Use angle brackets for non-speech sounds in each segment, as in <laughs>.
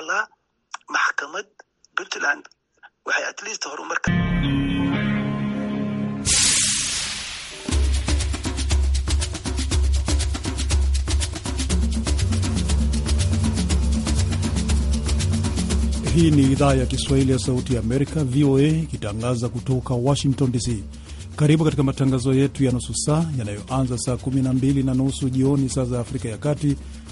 la maxkamad Puntland waxay at least horumar Hii ni idhaa ya Kiswahili ya Sauti ya Amerika, VOA, ikitangaza kutoka Washington DC. Karibu katika matangazo yetu ya nusu saa yanayoanza saa 12 na nusu jioni saa za Afrika ya Kati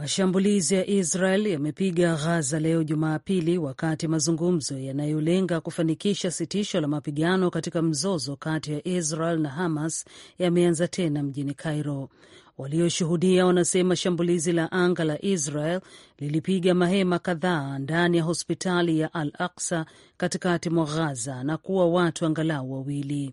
Mashambulizi ya Israel yamepiga Ghaza leo Jumapili, wakati mazungumzo yanayolenga kufanikisha sitisho la mapigano katika mzozo kati ya Israel na Hamas yameanza tena mjini Cairo. Walioshuhudia wanasema shambulizi la anga la Israel lilipiga mahema kadhaa ndani ya hospitali ya Al Aksa katikati mwa Ghaza na kuwa watu angalau wawili.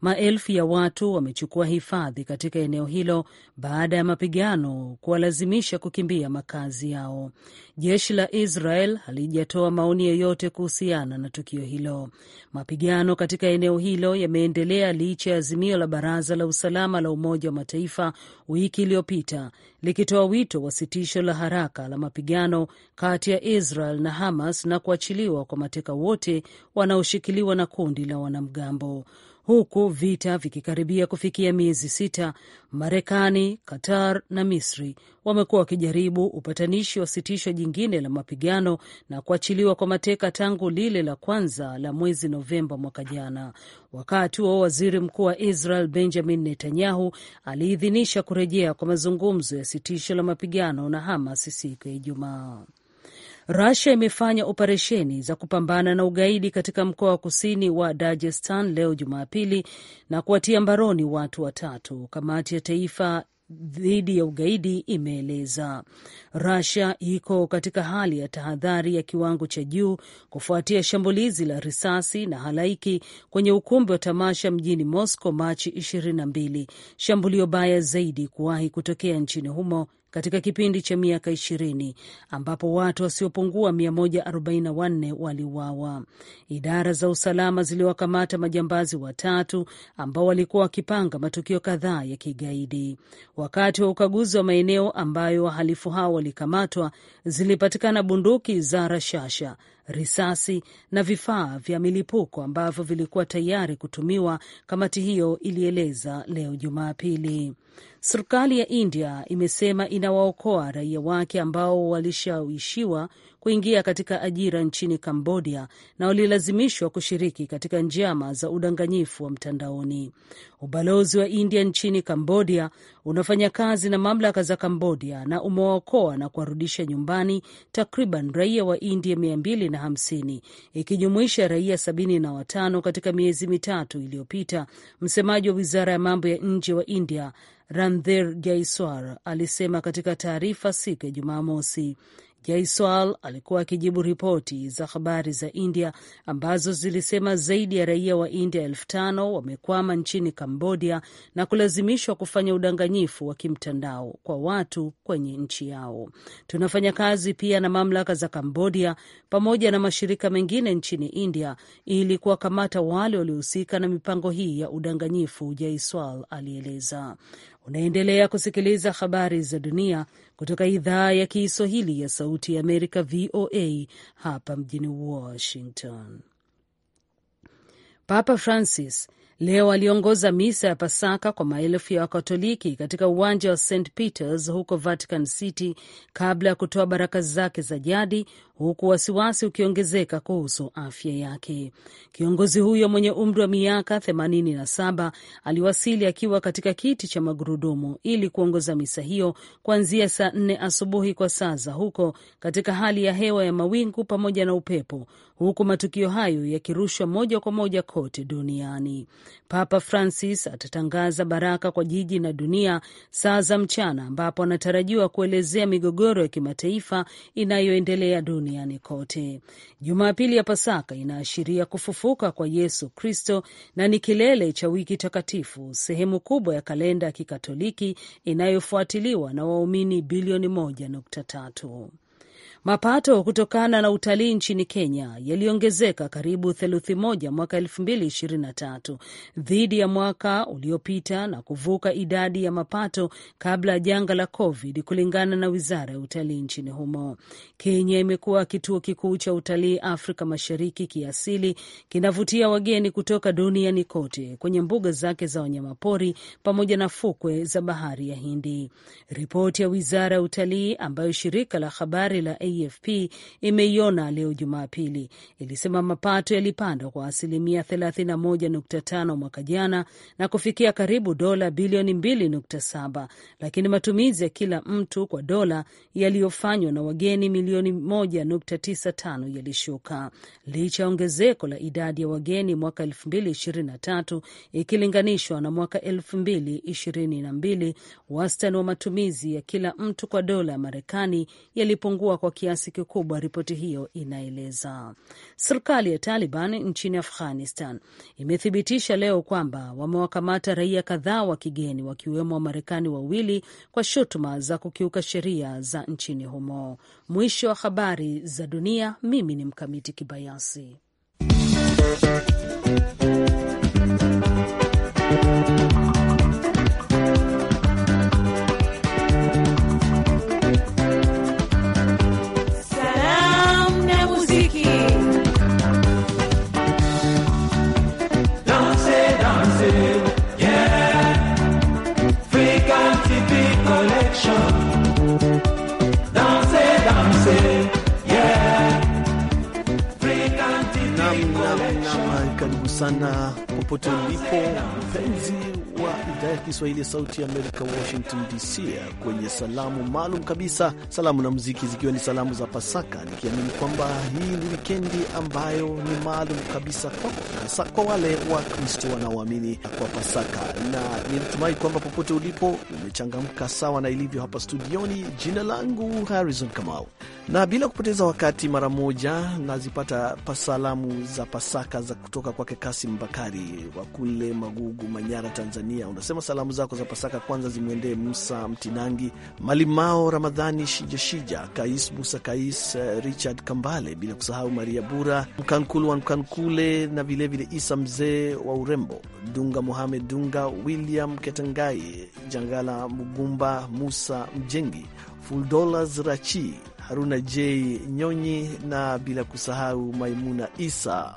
Maelfu ya watu wamechukua hifadhi katika eneo hilo baada ya mapigano kuwalazimisha kukimbia makazi yao. Jeshi la Israel halijatoa maoni yoyote kuhusiana na tukio hilo. Mapigano katika eneo hilo yameendelea licha ya azimio la Baraza la Usalama la Umoja wa Mataifa wiki iliyopita likitoa wito wa sitisho la haraka la mapigano kati ya Israel na Hamas na kuachiliwa kwa mateka wote wanaoshikiliwa na kundi la wanamgambo huku vita vikikaribia kufikia miezi sita, Marekani, Qatar na Misri wamekuwa wakijaribu upatanishi wa sitisho jingine la mapigano na kuachiliwa kwa mateka tangu lile la kwanza la mwezi Novemba mwaka jana. Wakati wa waziri mkuu wa Israel Benjamin Netanyahu aliidhinisha kurejea kwa mazungumzo ya sitisho la mapigano na Hamas siku ya Ijumaa rasia imefanya operesheni za kupambana na ugaidi katika mkoa wa kusini wa Dagestan leo Jumapili na kuwatia mbaroni watu watatu, kamati ya taifa dhidi ya ugaidi imeeleza. rasia iko katika hali ya tahadhari ya kiwango cha juu kufuatia shambulizi la risasi na halaiki kwenye ukumbi wa tamasha mjini Moscow Machi 22, shambulio baya zaidi kuwahi kutokea nchini humo katika kipindi cha miaka ishirini ambapo watu wasiopungua 144 waliuawa. Idara za usalama ziliwakamata majambazi watatu ambao walikuwa wakipanga matukio kadhaa ya kigaidi. Wakati wa ukaguzi wa maeneo ambayo wahalifu hao walikamatwa, zilipatikana bunduki za rashasha, risasi na vifaa vya milipuko ambavyo vilikuwa tayari kutumiwa, kamati hiyo ilieleza leo Jumapili. Serikali ya India imesema inawaokoa raia wake ambao walishawishiwa kuingia katika ajira nchini Kambodia na walilazimishwa kushiriki katika njama za udanganyifu wa mtandaoni. Ubalozi wa India nchini Kambodia unafanya kazi na mamlaka za Kambodia na umewaokoa na kuwarudisha nyumbani takriban raia wa India 250 ikijumuisha raia 75 katika miezi mitatu iliyopita. Msemaji wa wizara ya mambo ya nje wa India Randhir Jaiswar alisema katika taarifa siku ya Jumamosi. Jaiswal alikuwa akijibu ripoti za habari za India ambazo zilisema zaidi ya raia wa India elfu tano wamekwama nchini Kambodia na kulazimishwa kufanya udanganyifu wa kimtandao kwa watu kwenye nchi yao. Tunafanya kazi pia na mamlaka za Kambodia pamoja na mashirika mengine nchini India ili kuwakamata wale waliohusika na mipango hii ya udanganyifu, Jaiswal alieleza. Unaendelea kusikiliza habari za dunia kutoka idhaa ya Kiswahili ya Sauti ya Amerika, VOA, hapa mjini Washington. Papa Francis leo aliongoza misa ya Pasaka kwa maelfu ya Wakatoliki katika uwanja wa St Peters huko Vatican City kabla ya kutoa baraka zake za jadi, huku wasiwasi ukiongezeka kuhusu afya yake. Kiongozi huyo mwenye umri wa miaka 87 aliwasili akiwa katika kiti cha magurudumu ili kuongoza misa hiyo kuanzia saa nne asubuhi kwa saa za huko, katika hali ya hewa ya mawingu pamoja na upepo huku matukio hayo yakirushwa moja kwa moja kote duniani. Papa Francis atatangaza baraka kwa jiji na dunia saa za mchana, ambapo anatarajiwa kuelezea migogoro ya kimataifa inayoendelea duniani kote. Jumapili ya Pasaka inaashiria kufufuka kwa Yesu Kristo na ni kilele cha wiki takatifu, sehemu kubwa ya kalenda ya Kikatoliki inayofuatiliwa na waumini bilioni moja nukta tatu. Mapato kutokana na utalii nchini Kenya yaliongezeka karibu theluthi moja mwaka elfu mbili ishirini na tatu dhidi ya mwaka uliopita na kuvuka idadi ya mapato kabla ya janga la COVID, kulingana na wizara ya utalii nchini humo. Kenya imekuwa kituo kikuu cha utalii Afrika Mashariki kiasili, kinavutia wageni kutoka duniani kote kwenye mbuga zake za wanyamapori pamoja na fukwe za bahari ya Hindi. Ripoti ya wizara ya utalii ambayo shirika la habari la AFP imeiona leo Jumapili ilisema mapato yalipanda kwa asilimia 31.5 mwaka jana na kufikia karibu dola bilioni 2.7, lakini matumizi ya kila mtu kwa dola yaliyofanywa na wageni milioni 1.95 yalishuka licha ya ongezeko la idadi ya wageni mwaka 2023 ikilinganishwa na mwaka 2022. Wastani wa matumizi ya kila mtu kwa dola ya Marekani yalipungua kwa kiasi kikubwa, ripoti hiyo inaeleza. Serikali ya Taliban nchini Afghanistan imethibitisha leo kwamba wamewakamata raia kadhaa wa kigeni wakiwemo Wamarekani wawili kwa shutuma za kukiuka sheria za nchini humo. Mwisho wa habari za dunia. Mimi ni Mkamiti Kibayasi. sana popote ulipo mpenzi idhaa ya Kiswahili ya Sauti ya Amerika, Washington DC, kwenye salamu maalum kabisa, salamu na muziki, zikiwa ni salamu za Pasaka, nikiamini kwamba hii ni wikendi ambayo ni maalum kabisa kwako, hasa kwa wale Wakristo wanaoamini kwa Pasaka, na ninatumai kwamba popote ulipo umechangamka sawa na ilivyo hapa studioni. Jina langu Harrison Kamau, na bila kupoteza wakati, mara moja nazipata salamu za Pasaka za kutoka kwake Kasim Bakari wa kule Magugu, Manyara, Tanzania anasema salamu zako za Pasaka kwanza zimwendee Musa Mtinangi, Malimao Ramadhani, Shijashija Kais, Musa Kais, eh, Richard Kambale, bila kusahau Maria Bura Mkankulu wa Mkankule na vilevile Isa mzee wa urembo, Dunga Mohamed Dunga, William Ketengai, Jangala Mugumba, Musa Mjengi, Fuldolas Rachi, Haruna J Nyonyi na bila kusahau Maimuna Isa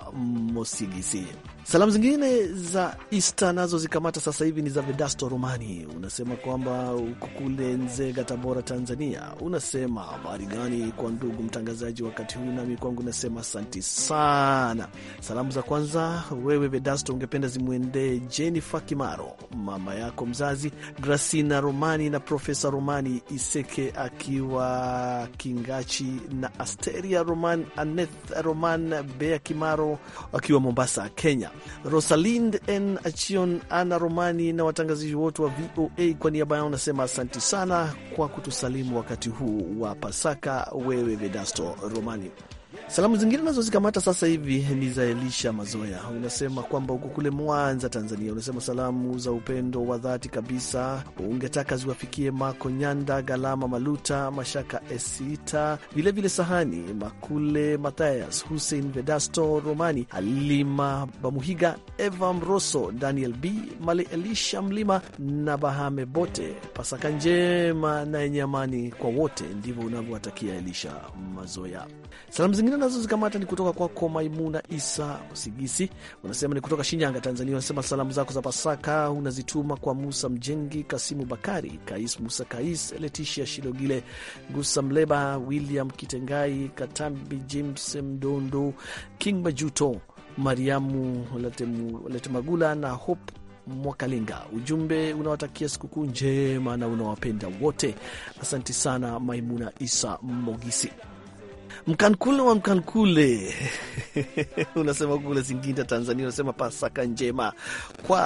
Mosigisi. Salamu zingine za Ista nazo zikamata sasa hivi ni za Vedasto Romani. Unasema kwamba uko kule Nzega, Tabora, Tanzania. Unasema habari gani kwa ndugu mtangazaji wakati huu, nami kwangu nasema asanti sana. Salamu za kwanza wewe Vedasto ungependa zimwendee Jennifer Kimaro, mama yako mzazi, Grasina Romani na Profesa Romani Iseke akiwa Kingachi, na Asteria Roman, Aneth Roman, Bea Kimaro akiwa Mombasa, Kenya. Rosalind N Achion, Ana Romani na watangazaji wote wa VOA. Kwa niaba yao nasema asanti sana kwa kutusalimu wakati huu wa Pasaka, wewe Vedasto Romani. Salamu zingine nazozikamata sasa hivi ni za Elisha Mazoya, unasema kwamba uko kule Mwanza, Tanzania. Unasema salamu za upendo wa dhati kabisa ungetaka ziwafikie Mako Nyanda, Galama Maluta, Mashaka Esita, vilevile Sahani Makule, Mathayas Hussein, Vedasto Romani, Halima Bamuhiga, Eva Mroso, Daniel B Mali, Elisha Mlima na Bahame, bote Pasaka njema na yenye amani kwa wote. Ndivyo unavyowatakia Elisha Mazoya. Salamu zingine nazo zikamata ni kutoka kwako Maimuna Isa Sigisi, unasema ni kutoka Shinyanga, Tanzania. Unasema salamu zako za Pasaka unazituma kwa Musa Mjengi, Kasimu Bakari, Kais Musa, Kais Letishia Shilogile, Gusa Mleba, William Kitengai, Katambi James Mdondo, King Majuto, Mariamu Letemagula na Hope Mwakalinga. Ujumbe unawatakia sikukuu njema na unawapenda wote. Asanti sana Maimuna Isa Mogisi mkankule wa mkankule <laughs> unasema kule Singinda, Tanzania, unasema Pasaka njema kwa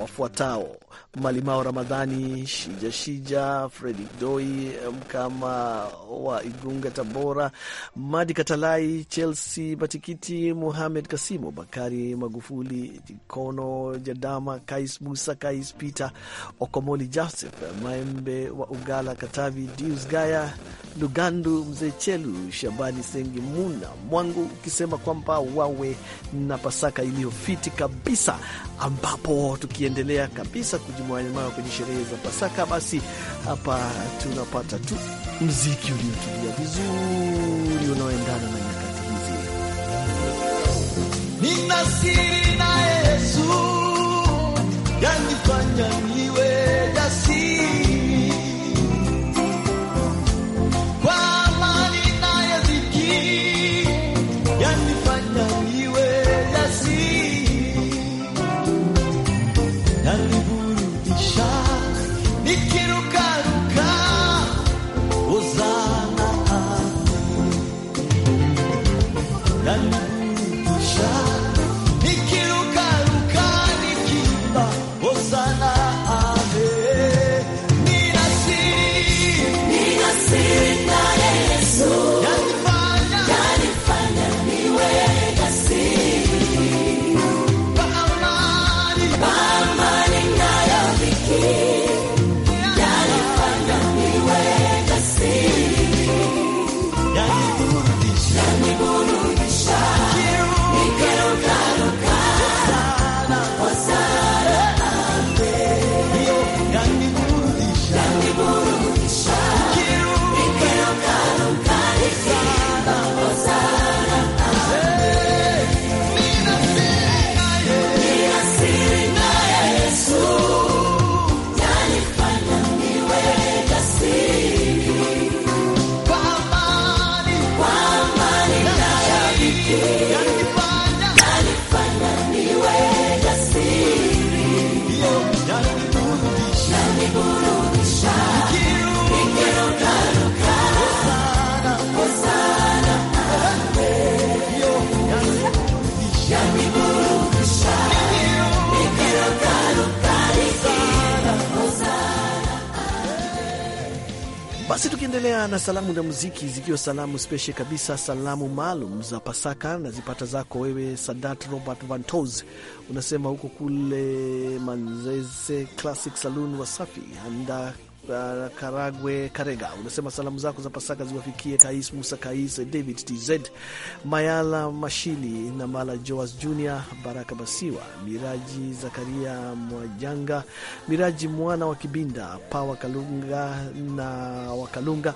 wafuatao Malimao Ramadhani, Shija Shija, Fredi Doi Mkama wa Igunga, Tabora, Madi Katalai, Chelsea Batikiti, Muhamed Kasimu, Bakari Magufuli, Jikono Jadama, Kais Musa, Kais Peter Okomoli, Joseph Maembe wa Ugala, Katavi, Dius Gaya Lugandu, Mzee Chelu, Shabani Sengi Muna Mwangu, ukisema kwamba wawe na Pasaka iliyofiti kabisa, ambapo tukiendelea kabisa kuji uingizaji mwa kwenye sherehe za Pasaka, basi hapa tunapata tu mziki uliotulia vizuri unaoendana na nyakati hizi. Nina siri na Yesu yanifanya niwe jasiri salamu na muziki zikiwa salamu speshe kabisa, salamu maalum za Pasaka na zipata zako wewe Sadat Robert Vantos, unasema huko kule Manzese Classic Saloon Wasafi anda Karagwe Karega, unasema salamu zako za Pasaka ziwafikie Kais Musa Kais, David TZ Mayala Mashili na Mala Joas Jr Baraka Basiwa, Miraji Zakaria Mwajanga, Miraji mwana wa Kibinda, pa Wakalunga na Wakalunga,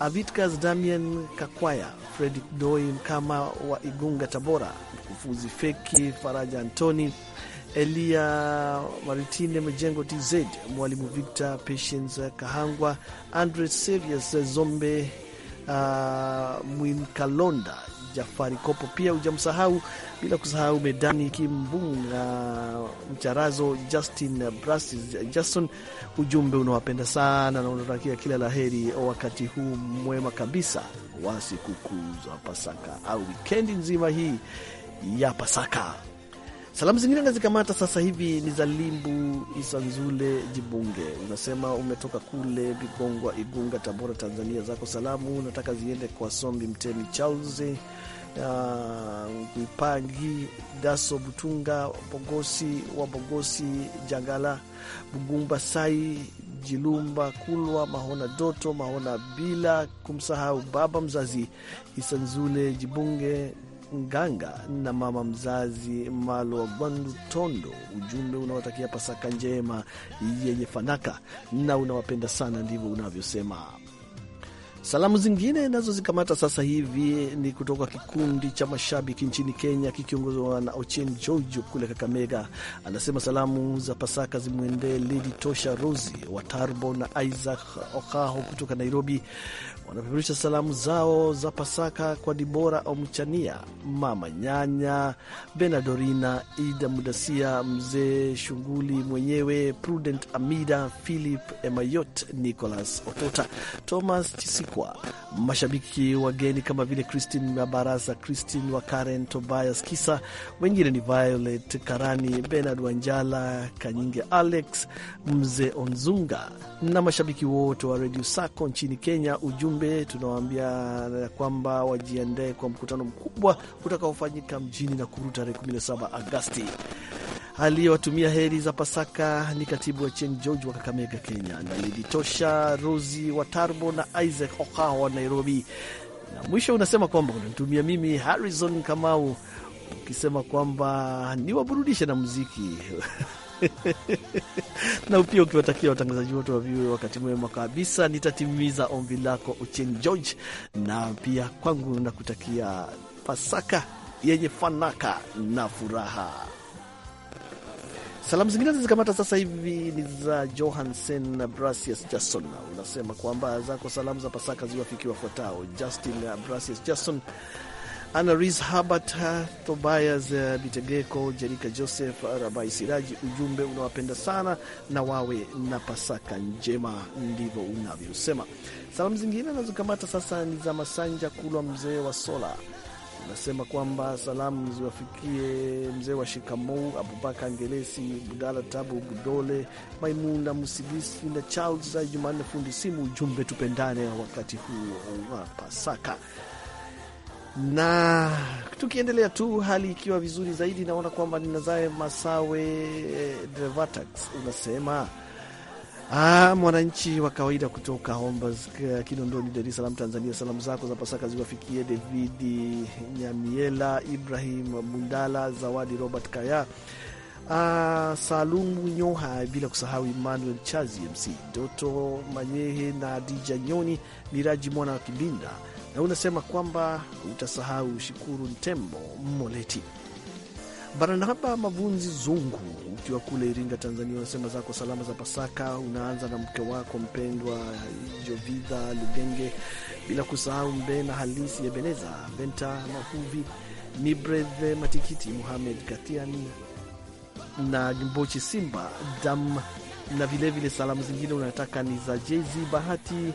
Avitkas Damian Kakwaya, Fredrik Doi Mkama wa Igunga Tabora, Mkufuzi Feki Faraja Antoni Elia Maritine Mjengo TZ, Mwalimu Victor Patience Kahangwa, Andre Serius Zombe, uh, Mwinkalonda Jafari Kopo, pia hujamsahau bila kusahau Medani Kimbunga, uh, Mcharazo Justin Brasis Jason. Ujumbe unawapenda sana na unatakia kila laheri wakati huu mwema kabisa wa sikukuu za Pasaka au wikendi nzima hii ya Pasaka. Salamu zingine nazikamata sasa hivi ni za Limbu Isanzule Jibunge, unasema umetoka kule Vigongwa, Igunga, Tabora, Tanzania. Zako salamu nataka ziende kwa Sombi Mtemi, Charles Mpangi, Daso Butunga, Bogosi wa Bogosi, Jangala Bugumba, Sai Jilumba, Kulwa Mahona, Doto Mahona, bila kumsahau baba mzazi Isanzule Jibunge Nganga na mama mzazi Malwa Bwandu Tondo. Ujumbe unawatakia Pasaka njema yenye fanaka na unawapenda sana, ndivyo unavyosema. Salamu zingine nazo zikamata sasa hivi ni kutoka kikundi cha mashabiki nchini Kenya kikiongozwa na ochen Jojo kule Kakamega. Anasema salamu za Pasaka zimwendee Lady Tosha Rosi wa Tarbo na Isaac Okaho kutoka Nairobi. Wanapeperusha salamu zao za Pasaka kwa Dibora Omchania, Mama Nyanya, Benadorina, Ida Mudasia, Mzee Shunguli mwenyewe, Prudent Amida, Philip Emayot, Nicholas Otota, Thomas Chisiku kualikwa mashabiki wageni kama vile Christine Mabaraza, Christine wa Karen, Tobias Kisa, wengine ni Violet Karani, Benard Wanjala, Kanyinge, Alex Mzee Onzunga na mashabiki wote wa Radio Sako nchini Kenya. Ujumbe tunawaambia ya kwamba wajiandae kwa mkutano mkubwa utakaofanyika mjini Nakuru tarehe 17 Agasti aliyewatumia heri za Pasaka ni katibu wa Chen George wa Kakamega, Kenya, na Liditosha Rosi wa Tarbo na Isaac oka wa Nairobi. Na mwisho unasema kwamba unanitumia mimi Harrison Kamau ukisema kwamba niwaburudishe na muziki <laughs> na pia ukiwatakia watangazaji wote wa viwe wakati mwema kabisa. Nitatimiza ombi lako uchen George, na pia kwangu nakutakia Pasaka yenye fanaka na furaha. Salamu zingine zikamata sasa hivi ni za Johansen Brasius Jason. Unasema kwamba zako salamu za Pasaka ziwafikie wafuatao: Justin Brasius Jason, Anaris Habert, Tobias Bitegeko, Jerika Joseph, Rabai Siraji. Ujumbe unawapenda sana na wawe na Pasaka njema, ndivyo unavyosema. Salamu zingine nazokamata sasa ni za Masanja Kulwa, mzee wa Sola Anasema kwamba salamu ziwafikie mzee wa shikamou Abubakar Ngelesi, Budala Tabu Budole, Maimuna Msigisi na Charles za Jumanne fundi simu. Ujumbe tupendane wakati huu wa Pasaka na tukiendelea tu, hali ikiwa vizuri zaidi, naona kwamba ninazae Masawe eh, Drevatax unasema Ah, mwananchi wa kawaida kutoka Hombas eh, Kinondoni, Dar es Salaam, Tanzania, salamu zako za Pasaka ziwafikie David Nyamiela, Ibrahim Mundala, Zawadi Robert Kaya, ah, Salumu Nyoha, bila kusahau Emmanuel Chazi, MC Doto Manyehe na Dija Nyoni, Miraji mwana wa Kibinda, na unasema kwamba utasahau Shukuru Ntembo Moleti. Barani hapa Mavunzi Zungu, ukiwa kule Iringa, Tanzania, unasema zako salama za Pasaka unaanza na mke wako mpendwa Jovidha Lugenge, bila kusahau Mbena Halisi Ebeneza Benta Mahuvi Mibreth Matikiti Muhamed Katiani na Mbochi Simba Dam, na vilevile salamu zingine unataka ni za Jezi Bahati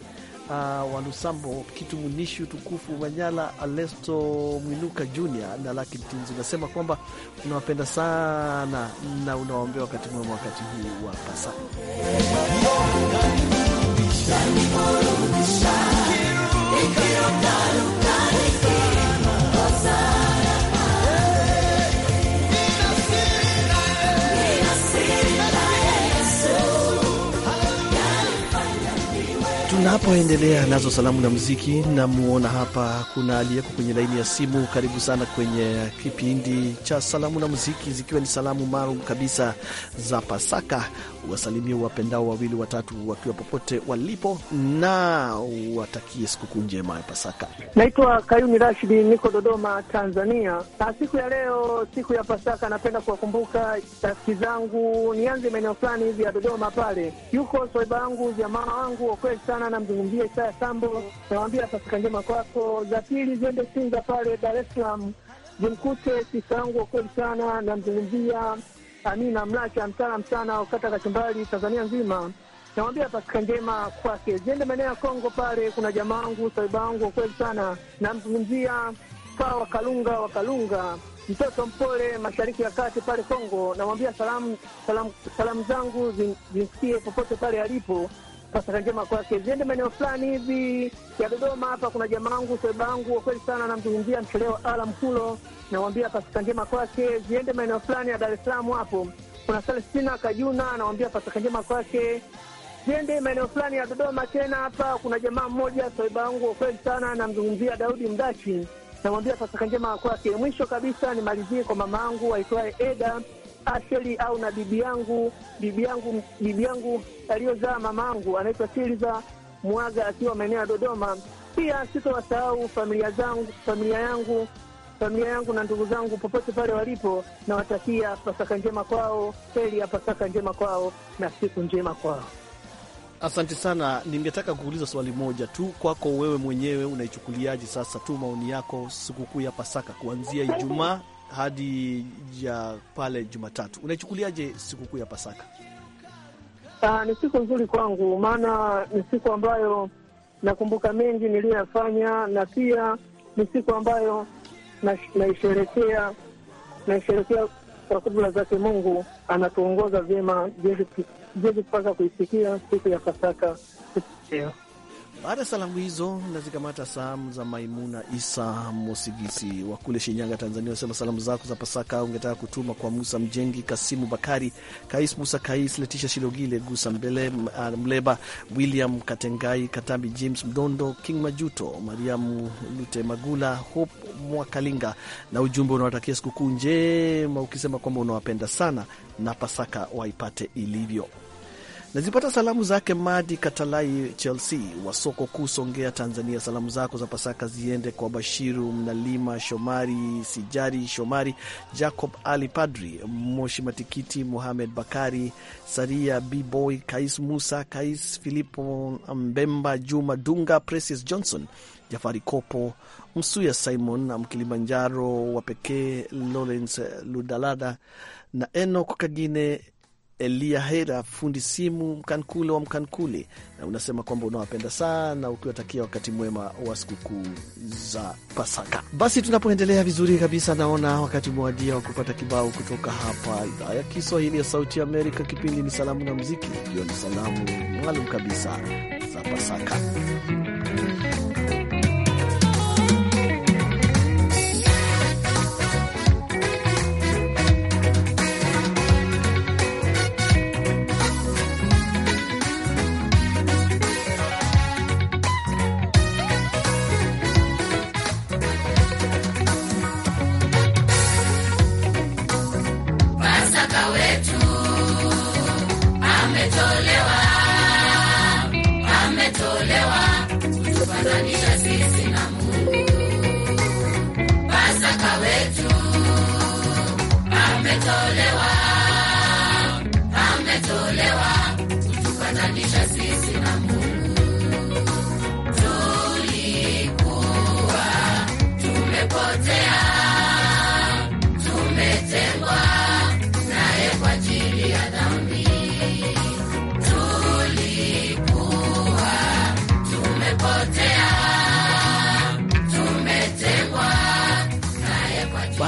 uh, kitu Kitumunishu Tukufu Manyala Alesto Mwinuka Junior na Laki unasema kwamba unawapenda sana na unawaombea wakati mwema wakati huu wa Pasaka. Tunapoendelea nazo salamu na muziki, namuona hapa kuna aliyeko kwenye laini ya simu. Karibu sana kwenye kipindi cha salamu na muziki, zikiwa ni salamu maalum kabisa za Pasaka wasalimie wapendao wawili watatu wakiwa popote walipo, na watakie sikukuu njema ya Pasaka. Naitwa Kayuni Rashidi, niko Dodoma, Tanzania. Na siku ya leo, siku ya Pasaka, napenda kuwakumbuka rafiki zangu. Nianze maeneo fulani hivi ya Dodoma pale, yuko swaiba wangu jamaa wangu wakweli sana, namzungumzia Isaya Sambo, nawambia Pasaka njema kwako. Za pili ziende Sinza pale Dar es Salaam, jimkute sisa wakweli sana, namzungumzia Amina Mlacha, mtaalam sana wakata kachumbali Tanzania nzima. Namwambia pasika njema kwake, ziende maeneo ya Kongo pale, kuna jamaa wangu saiba wangu kweli sana, namzungumzia paa Wakalunga, Wakalunga mtoto mpole, mashariki ya kati pale Kongo. Namwambia salamu, salamu, salamu zangu zimsikie popote pale alipo sasa njema kwake. Ziende maeneo fulani hivi ya Dodoma hapa, kuna jamaa wangu seba yangu kweli sana, namzungumzia mchelewa Alam Kulo, namwambia pasaka njema kwake. Ziende maeneo fulani ya Dar es Salaam hapo, kuna salestina Kajuna, nawambia pasaka njema kwake. Ziende maeneo fulani ya Dodoma tena hapa, kuna jamaa mmoja seba wangu kweli sana, namzungumzia Daudi Mdachi, namwambia pasaka njema kwake. Mwisho kabisa nimalizie kwa mama angu aitwaye Eda Asheli au na bibi yangu bibi yangu bibi yangu aliyozaa mamangu anaitwa Silva Mwaga akiwa maeneo ya Dodoma. Pia sitowasahau familia zangu, familia yangu familia yangu na ndugu zangu popote pale walipo, nawatakia Pasaka njema kwao, heri ya Pasaka njema kwao na siku njema kwao. Asante sana. Ningetaka kuuliza swali moja tu kwako wewe mwenyewe, unaichukuliaje sasa tu maoni yako sikukuu ya Pasaka kuanzia Ijumaa hadi ya pale Jumatatu. Unaichukuliaje sikukuu ya Pasaka? Aa, ah, ni siku nzuri kwangu, maana ni siku ambayo nakumbuka mengi niliyoyafanya, na pia ni siku ambayo naisherekea naisherekea kwa kubula zake Mungu anatuongoza vyema jinsi kupasa kuisikia siku ya Pasaka. Baada ya salamu hizo nazikamata salamu za Maimuna Isa Mosigisi wa kule Shinyanga, Tanzania. asema salamu zako za Pasaka ungetaka kutuma kwa Musa Mjengi, Kasimu Bakari, Kais Musa Kais, Letisha Shilogile, Gusa Mbele, ah, Mleba William Katengai, Katambi James Mdondo, King Majuto, Mariamu Lute Magula, Hope Mwakalinga, na ujumbe unawatakia sikukuu njema, ukisema kwamba unawapenda sana na Pasaka waipate ilivyo. Nazipata salamu zake Madi Katalai Chelsea wa soko kuu Songea, Tanzania. Salamu zako za Pasaka ziende kwa Bashiru Mnalima, Shomari Sijari, Shomari Jacob, Ali Padri Moshi, Matikiti Muhamed Bakari, Saria Bboy, Kais Musa, Kais Filipo Mbemba, Juma Dunga, Precious Johnson, Jafari Kopo Msuya, Simon Mkilimanjaro wa pekee, Lawrence Ludalada na Enok Kagine Elia Hera, fundi simu mkankule wa Mkankule, na unasema kwamba unawapenda sana ukiwatakia wakati mwema wa sikukuu za Pasaka. Basi tunapoendelea vizuri kabisa, naona wakati mwadia wa kupata kibao kutoka hapa idhaa ya Kiswahili ya Sauti ya Amerika. Kipindi ni Salamu na mziki ikiwa ni salamu maalum kabisa za Pasaka.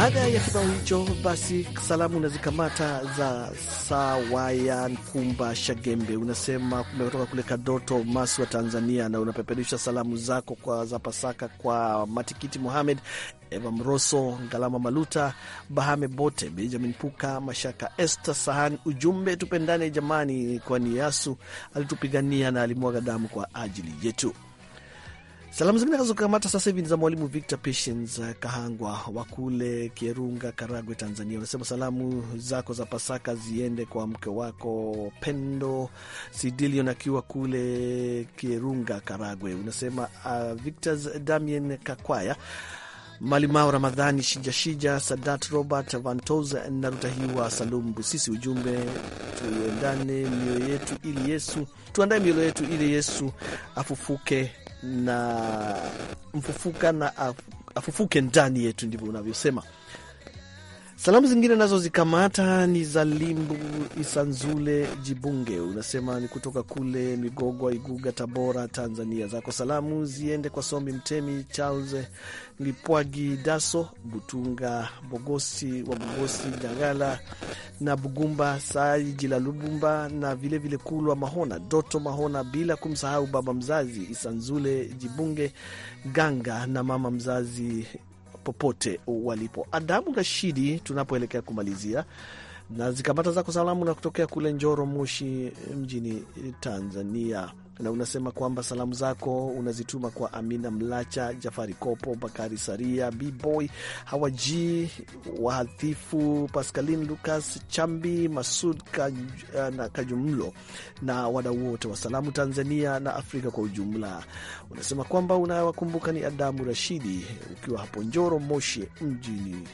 Baada ya kibao hicho, basi salamu nazikamata za Sawayan Kumba Shagembe, unasema umetoka kule Kadoto Masu wa Tanzania, na unapeperusha salamu zako kwa za Pasaka kwa Matikiti Muhamed, Eva Mroso, Ngalama Maluta, Bahame Bote, Benjamin Puka, Mashaka este Sahani. Ujumbe, tupendane jamani, kwani Yasu alitupigania na alimwaga damu kwa ajili yetu. Salamu zingine nazokamata sasa hivi ni za Mwalimu Victor Patience eh, Kahangwa wa kule Kierunga, Karagwe, Tanzania. Unasema salamu zako za Pasaka ziende kwa mke wako Pendo Sidilion akiwa kule Kierunga, Karagwe. Unasema uh, Victor Damien Kakwaya Malimao Ramadhani Shijashija Sadat Robert Vantos na Rutahiwa Salum Busisi. Ujumbe, tuendane mioyo yetu ili Yesu, tuandae mioyo yetu ili Yesu afufuke na mfufuka na afufuke ndani yetu, ndivyo unavyosema. Salamu zingine nazo zikamata ni za Limbu Isanzule Jibunge, unasema ni kutoka kule Migogwa, Iguga, Tabora, Tanzania. Zako salamu ziende kwa Sombi Mtemi, Charles Lipwagi, Daso Butunga, Bogosi wa Bogosi, Jangala na Bugumba, Sai jila Lubumba na vilevile vile Kulwa Mahona, Doto Mahona, bila kumsahau baba mzazi Isanzule Jibunge Ganga na mama mzazi popote walipo. Adamu Rashidi, tunapoelekea kumalizia na zikamata zako salamu na kutokea kule Njoro Moshi mjini Tanzania na unasema kwamba salamu zako unazituma kwa Amina Mlacha, Jafari Kopo, Bakari Saria, Bboy Hawaji, Wahadhifu, Pascalin Lucas Chambi, Masud eh, na Kajumlo na wadau wote wa salamu Tanzania na Afrika kwa ujumla. Unasema kwamba unawakumbuka ni Adamu Rashidi ukiwa hapo Njoro Moshi mjini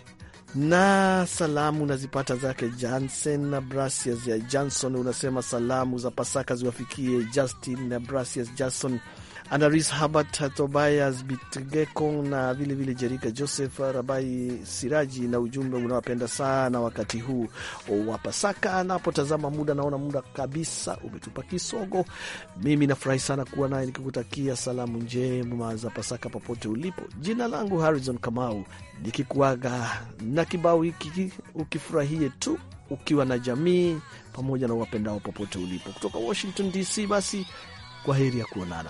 na salamu nazipata zake Jansen na Brasius ya Johnson, unasema salamu za Pasaka ziwafikie Justin na Brasius Johnson Andaris Habert Tobias Bitgeko na vilevile vile Jerika Joseph Rabai Siraji, na ujumbe unawapenda sana wakati huu wa Pasaka. Anapotazama muda, naona muda kabisa umetupa kisogo. Mimi nafurahi sana kuwa naye nikikutakia salamu njema za Pasaka popote ulipo. Jina langu Harrison Kamau, nikikuaga na kibao hiki, ukifurahie tu ukiwa na jamii pamoja na uwapendao popote ulipo, kutoka Washington DC. Basi kwa heri ya kuonana.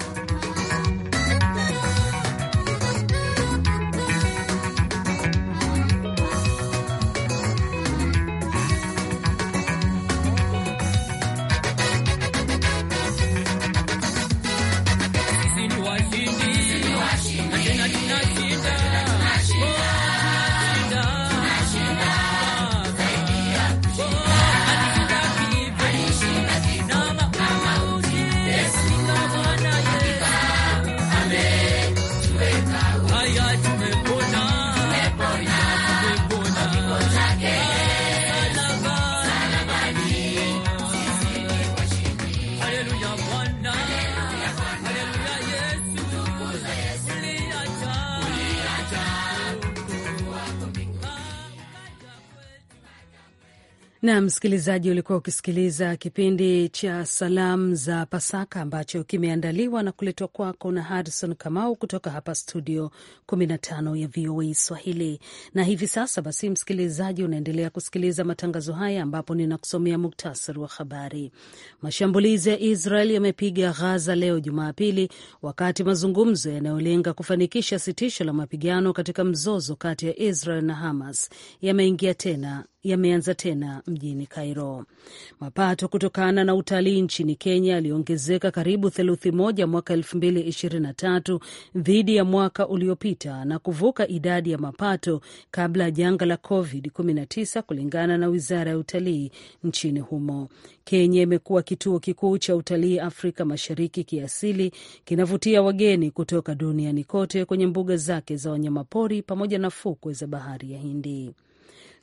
msikilizaji, ulikuwa ukisikiliza kipindi cha salamu za Pasaka ambacho kimeandaliwa na kuletwa kwako na Harrison Kamau kutoka hapa studio 15 ya VOA Swahili. Na hivi sasa basi, msikilizaji, unaendelea kusikiliza matangazo haya ambapo ninakusomea muktasari wa habari. Mashambulizi ya Israel yamepiga Ghaza leo Jumapili, wakati mazungumzo yanayolenga kufanikisha sitisho la mapigano katika mzozo kati ya Israel na Hamas yameingia tena, yameanza tena mjini mjini Cairo. Mapato kutokana na utalii nchini Kenya yaliongezeka karibu theluthi moja mwaka 2023 dhidi ya mwaka uliopita na kuvuka idadi ya mapato kabla ya janga la COVID-19 kulingana na wizara ya utalii nchini humo. Kenya imekuwa kituo kikuu cha utalii Afrika Mashariki kiasili, kinavutia wageni kutoka duniani kote kwenye mbuga zake za wanyamapori pamoja na fukwe za bahari ya Hindi.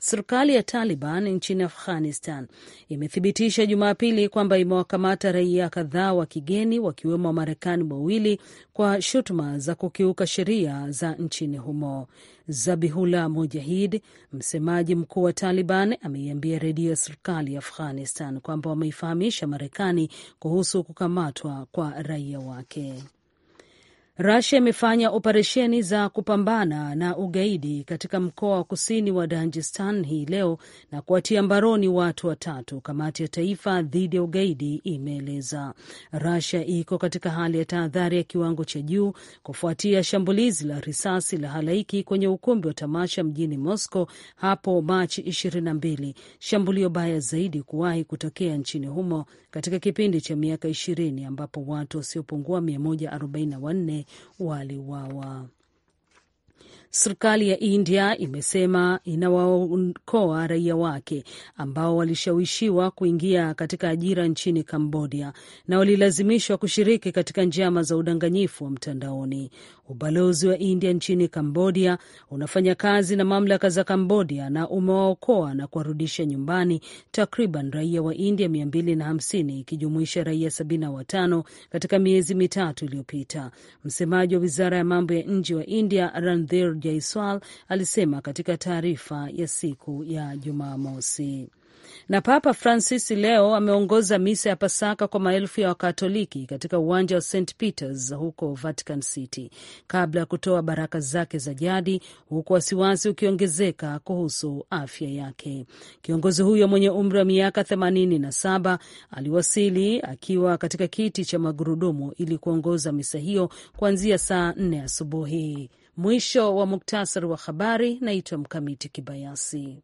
Serikali ya Taliban nchini Afghanistan imethibitisha Jumapili kwamba imewakamata raia kadhaa wa kigeni wakiwemo Wamarekani wawili kwa shutuma za kukiuka sheria za nchini humo. Zabihullah Mujahid, msemaji mkuu wa Taliban, ameiambia redio ya serikali ya Afghanistan kwamba wameifahamisha Marekani kuhusu kukamatwa kwa raia wake rasia imefanya operesheni za kupambana na ugaidi katika mkoa wa kusini wa Dagestan hii leo na kuwatia mbaroni watu watatu, kamati ya taifa dhidi ya ugaidi imeeleza. rasia iko katika hali ya tahadhari ya kiwango cha juu kufuatia shambulizi la risasi la halaiki kwenye ukumbi wa tamasha mjini Moscow hapo Machi 22, shambulio baya zaidi kuwahi kutokea nchini humo katika kipindi cha miaka 20 ambapo watu wasiopungua 144 waliuawa. Serikali ya India imesema inawaokoa raia wake ambao walishawishiwa kuingia katika ajira nchini Kambodia na walilazimishwa kushiriki katika njama za udanganyifu wa mtandaoni. Ubalozi wa India nchini Kambodia unafanya kazi na mamlaka za Kambodia na umewaokoa na kuwarudisha nyumbani takriban raia wa India 250 ikijumuisha raia 75 katika miezi mitatu iliyopita. Msemaji wa wizara ya mambo ya nje wa India Randhir Jaiswal alisema katika taarifa ya siku ya Jumamosi. Na Papa Francis leo ameongoza misa ya Pasaka kwa maelfu ya Wakatoliki katika uwanja wa St Peters huko Vatican City kabla ya kutoa baraka zake za jadi, huku wasiwasi ukiongezeka kuhusu afya yake. Kiongozi huyo mwenye umri wa miaka 87 aliwasili akiwa katika kiti cha magurudumu ili kuongoza misa hiyo kuanzia saa nne asubuhi. Mwisho wa muktasari wa habari. Naitwa Mkamiti Kibayasi.